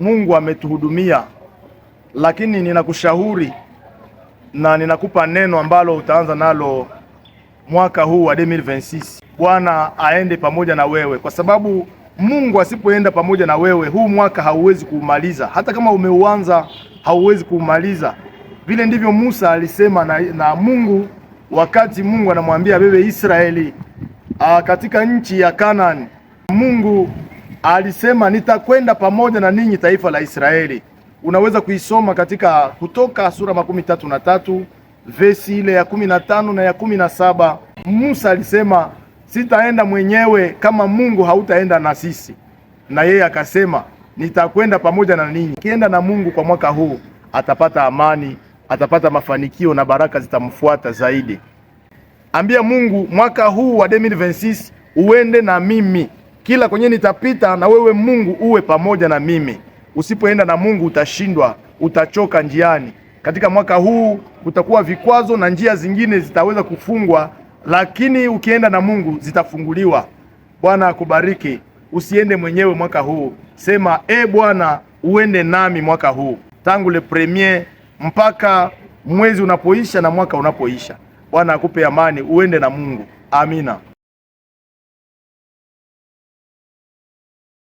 Mungu ametuhudumia, lakini ninakushauri na ninakupa neno ambalo utaanza nalo mwaka huu wa 2026. Bwana aende pamoja na wewe, kwa sababu Mungu asipoenda pamoja na wewe, huu mwaka hauwezi kuumaliza. Hata kama umeuanza, hauwezi kuumaliza. Vile ndivyo Musa alisema na, na Mungu wakati Mungu anamwambia bebe Israeli ah, katika nchi ya Kanaani Mungu alisema nitakwenda pamoja na ninyi taifa la Israeli. Unaweza kuisoma katika Kutoka sura makumi tatu na tatu vesi ile ya kumi na tano na ya kumi na saba Musa alisema sitaenda mwenyewe kama Mungu hautaenda na sisi, na yeye akasema nitakwenda pamoja na ninyi. Kienda na Mungu kwa mwaka huu atapata amani, atapata mafanikio na baraka zitamfuata zaidi. Ambia Mungu mwaka huu wa 2026 uende na mimi kila kwenye nitapita, na wewe Mungu uwe pamoja na mimi. Usipoenda na Mungu utashindwa, utachoka njiani. Katika mwaka huu kutakuwa vikwazo na njia zingine zitaweza kufungwa, lakini ukienda na Mungu zitafunguliwa. Bwana akubariki. Usiende mwenyewe mwaka huu, sema e Bwana, uende nami mwaka huu, tangu le premier mpaka mwezi unapoisha na mwaka unapoisha. Bwana akupe amani, uende na Mungu. Amina.